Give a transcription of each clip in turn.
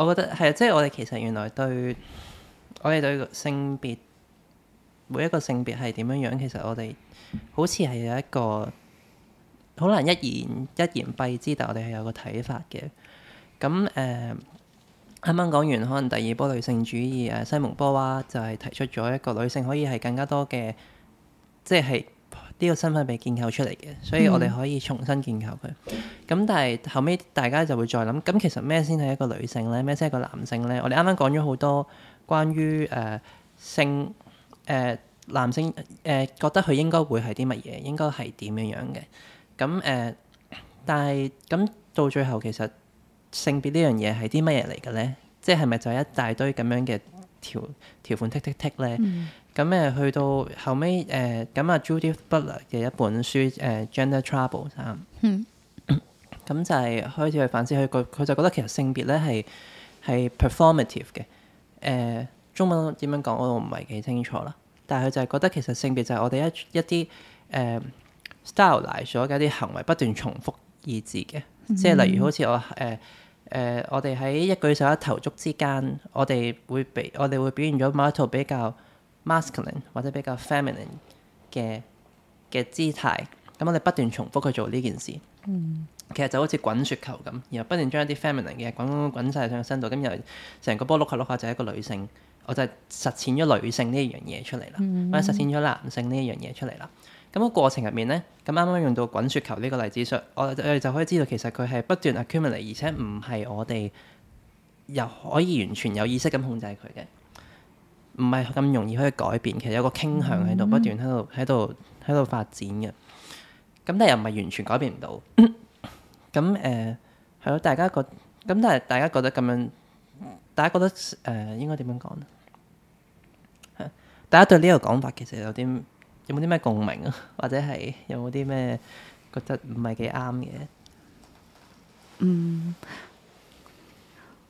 我覺得係啊，即係我哋其實原來對我哋對性別每一個性別係點樣樣，其實我哋好似係有一個好難一言一言蔽之，但我哋係有個睇法嘅。咁、呃、誒，啱啱講完可能第二波女性主義誒，西蒙波娃就係提出咗一個女性可以係更加多嘅，即係。呢個身份被建構出嚟嘅，所以我哋可以重新建構佢。咁、嗯、但係後尾大家就會再諗，咁其實咩先係一個女性咧？咩先係一個男性咧？我哋啱啱講咗好多關於誒、呃、性誒、呃、男性誒、呃、覺得佢應該會係啲乜嘢，應該係點樣樣嘅。咁、嗯、誒、呃，但係咁到最後其實性別呢樣嘢係啲乜嘢嚟嘅咧？即係咪就係一大堆咁樣嘅條條款剔剔剔咧？呃呃呃咁誒、嗯、去到後尾，誒、呃，咁阿 Judith Butler 嘅一本書誒、呃、Gender Trouble 啊、嗯，咁就係開始去反思佢，佢就覺得其實性別咧係係 performative 嘅，誒、呃、中文點樣講我都唔係幾清楚啦，但係佢就係覺得其實性別就係我哋一、呃、一啲誒 style 嚟咗嘅一啲行為不斷重複意志嘅，嗯、即係例如好似我誒誒、呃呃、我哋喺一舉手一投足之間，我哋會表我哋會表現咗某一套比較 masculine 或者比較 feminine 嘅嘅姿態，咁我哋不斷重複去做呢件事，嗯、其實就好似滾雪球咁，然後不斷將一啲 feminine 嘅滾滾滾晒上身度，咁又成個波碌下碌下就係一個女性，我就實踐咗女性呢一樣嘢出嚟啦，嗯、我實踐咗男性呢一樣嘢出嚟啦。咁、個過程入面咧，咁啱啱用到滾雪球呢個例子，所以我我哋就可以知道其實佢係不斷 accumulate，而且唔係我哋又可以完全有意識咁控制佢嘅。唔係咁容易可以改變，其實有個傾向喺度，不斷喺度喺度喺度發展嘅。咁但係又唔係完全改變唔到。咁誒係咯，大家覺咁但係大家覺得咁樣，大家覺得誒、呃、應該點樣講呢？大家對呢個講法其實有啲有冇啲咩共鳴啊？或者係有冇啲咩覺得唔係幾啱嘅？嗯。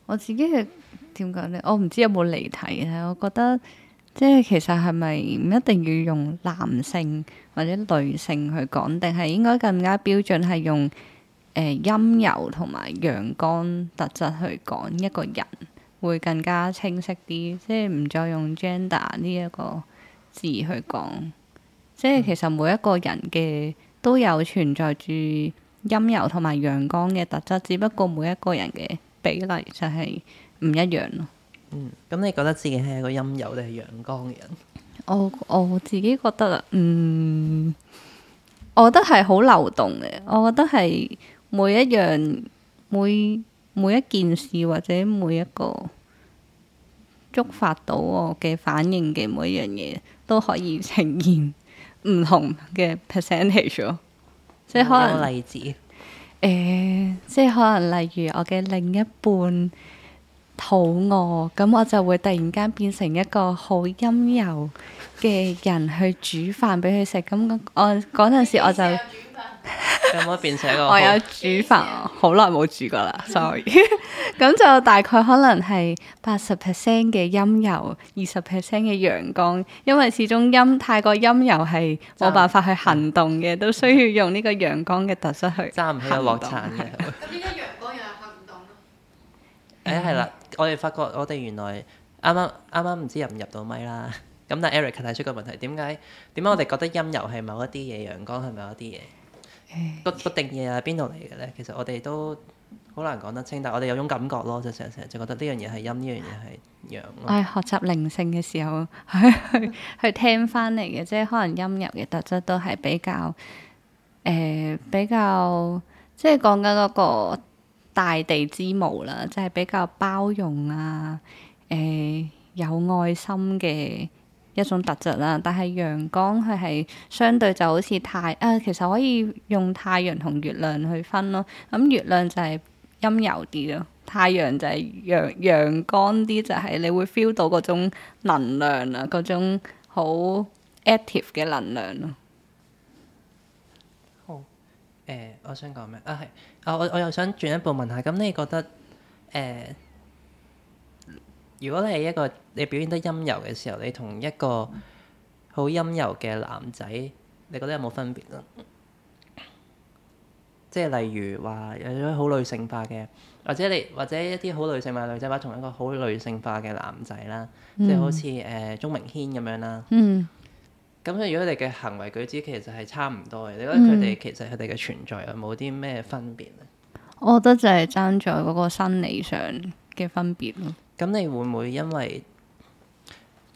我自己係點講咧？我唔知有冇離題咧。我覺得即係其實係咪唔一定要用男性或者女性去講，定係應該更加標準係用誒、呃、陰柔同埋陽剛特質去講一個人，會更加清晰啲。即係唔再用 gender 呢一個字去講。即係其實每一個人嘅都有存在住陰柔同埋陽剛嘅特質，只不過每一個人嘅比例就係唔一樣咯。嗯，咁你覺得自己係一個陰柔定係陽光嘅人？我我自己覺得啦，嗯，我覺得係好流動嘅。我覺得係每一樣、每每一件事或者每一個觸發到我嘅反應嘅每一樣嘢，都可以呈現唔同嘅 percentage 咯。即係、嗯、可能例子。嗯嗯誒，uh, 即係可能例如我嘅另一半肚餓，咁我就會突然間變成一個好陰柔嘅人去煮飯畀佢食。咁我嗰陣時我就～有冇變寫個？我有煮飯，好耐冇煮過啦，sorry 咁就大概可能係八十 percent 嘅陰柔，二十 percent 嘅陽光。因為始終陰太過陰柔係冇辦法去行動嘅，都需要用呢個陽光嘅特質去。暫時有落產嘅。咁點解陽光又有行動咧？誒，係啦，我哋發覺我哋原來啱啱啱啱唔知入唔入到咪啦。咁但 Eric 提出個問題，點解點解我哋覺得陰柔係某一啲嘢，陽光係某一啲嘢？欸、個不定嘢喺邊度嚟嘅咧？其實我哋都好難講得清，但係我哋有種感覺咯，就成日成日就覺得呢樣嘢係陰，呢樣嘢係陽。係學習靈性嘅時候，去 去去聽翻嚟嘅，即係可能陰柔嘅特質都係比較誒、呃，比較即係講緊嗰個大地之母啦，即係比較包容啊，誒、呃、有愛心嘅。一種特質啦，但係陽光佢係相對就好似太啊，其實可以用太陽同月亮去分咯。咁、嗯、月亮就係陰柔啲咯，太陽就係陽陽光啲，就係、是、你會 feel 到嗰種能量啊，嗰種好 active 嘅能量咯。好，誒、呃，我想講咩啊？係啊，我我又想轉一步問下，咁你覺得誒、呃如果你係一個你表現得陰柔嘅時候，你同一個好陰柔嘅男仔，你覺得有冇分別咧？即係例如話有啲好女性化嘅，或者你或者一啲好女性化女仔，話同一個、嗯、好女性化嘅男仔啦，即係好似誒鍾明軒咁樣啦。嗯。咁所以如果你嘅行為舉止其實係差唔多嘅，你覺得佢哋其實佢哋嘅存在有冇啲咩分別咧、嗯？我覺得就係爭在嗰個生理上嘅分別咯。咁你會唔會因為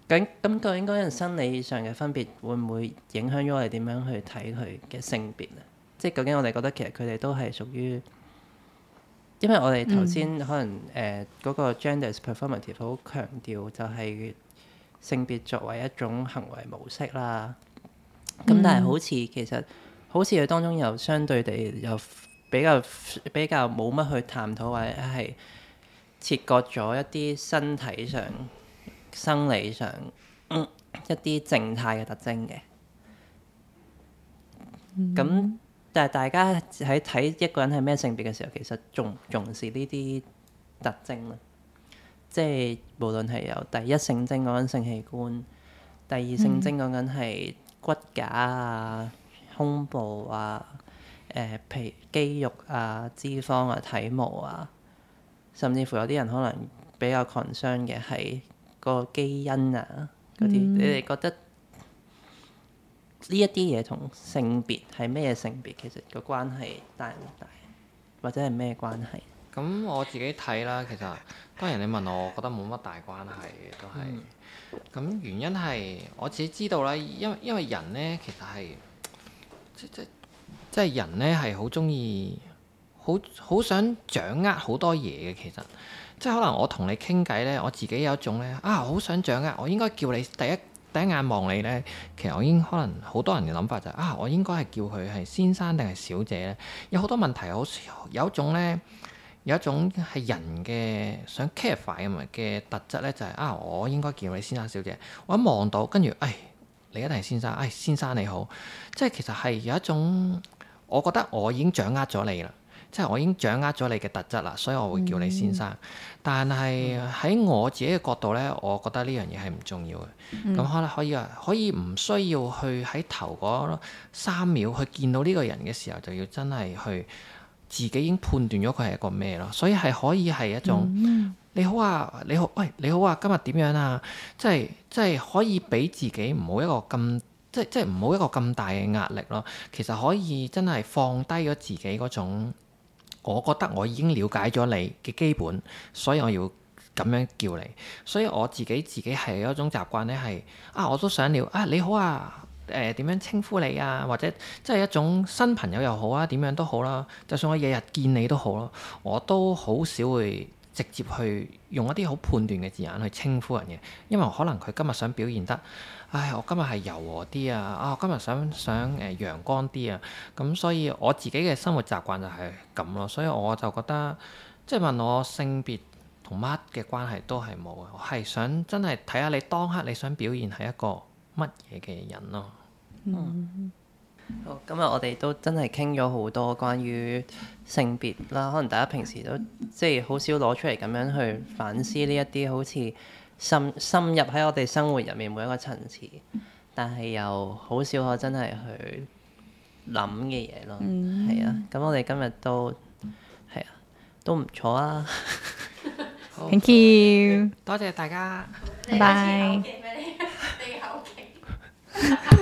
咁，咁究竟嗰個人生理上嘅分別，會唔會影響咗我哋點樣去睇佢嘅性別啊？即係究竟我哋覺得其實佢哋都係屬於，因為我哋頭先可能誒嗰、嗯呃嗰個 gender performative 好強調，就係性別作為一種行為模式啦。咁但係好似、嗯、其實好似佢當中又相對地又比較比較冇乜去探討或者係。切割咗一啲身體上、生理上、嗯、一啲靜態嘅特徵嘅，咁、嗯、但係大家喺睇一個人係咩性別嘅時候，其實重唔重視呢啲特徵咧？即係無論係由第一性徵講緊性器官，第二性徵講緊係骨架啊、胸部啊、誒、呃、皮肌肉啊、脂肪啊、體毛啊。甚至乎有啲人可能比較 concern 嘅係個基因啊，嗰啲，嗯、你哋覺得呢一啲嘢同性別係咩性別，其實個關係大唔大，或者係咩關係？咁我自己睇啦，其實當然你問我，我覺得冇乜大關係嘅都係。咁、嗯、原因係我自己知道啦，因為因為人呢，其實係即即係人呢，係好鍾意。好好想掌握好多嘢嘅，其實即係可能我同你傾偈咧，我自己有一種咧啊，好想掌握。我應該叫你第一第一眼望你咧，其實我已經可能好多人嘅諗法就係、是、啊，我應該係叫佢係先生定係小姐咧？有好多問題好有一種咧，有一種係人嘅想 careful 咁嘅特質咧、就是，就係啊，我應該叫你先生小姐。我一望到跟住誒，你一定係先生，誒先生你好，即係其實係有一種我覺得我已經掌握咗你啦。即係我已經掌握咗你嘅特質啦，所以我會叫你先生。嗯、但係喺我自己嘅角度咧，我覺得呢樣嘢係唔重要嘅。咁可能可以啊，可以唔需要去喺頭嗰三秒去見到呢個人嘅時候，就要真係去自己已經判斷咗佢係一個咩咯。所以係可以係一種、嗯、你好啊，你好，喂你好啊，今日點樣啊？即係即係可以俾自己唔好一個咁即即唔好一個咁大嘅壓力咯。其實可以真係放低咗自己嗰種。我覺得我已經了解咗你嘅基本，所以我要咁樣叫你。所以我自己自己係有一種習慣咧，係啊，我都想撩啊，你好啊誒、呃、點樣稱呼你啊，或者即係一種新朋友又好啊，點樣都好啦。就算我日日見你都好咯，我都好少會直接去用一啲好判斷嘅字眼去稱呼人嘅，因為可能佢今日想表現得，唉，我今日係柔和啲啊，啊，我今日想想誒陽光啲啊，咁所以我自己嘅生活習慣就係咁咯，所以我就覺得即係問我性別同乜嘅關係都係冇啊，我係想真係睇下你當刻你想表現係一個乜嘢嘅人咯。嗯。好，今日，我哋都真係傾咗好多關於性別啦，可能大家平時都即係好少攞出嚟咁樣去反思呢一啲好似深，深入喺我哋生活入面每一個層次，但係又好少可真係去諗嘅嘢咯。係、嗯、啊，咁我哋今日都係啊，都唔錯啊。 好 Thank you，多謝大家，拜拜 bye。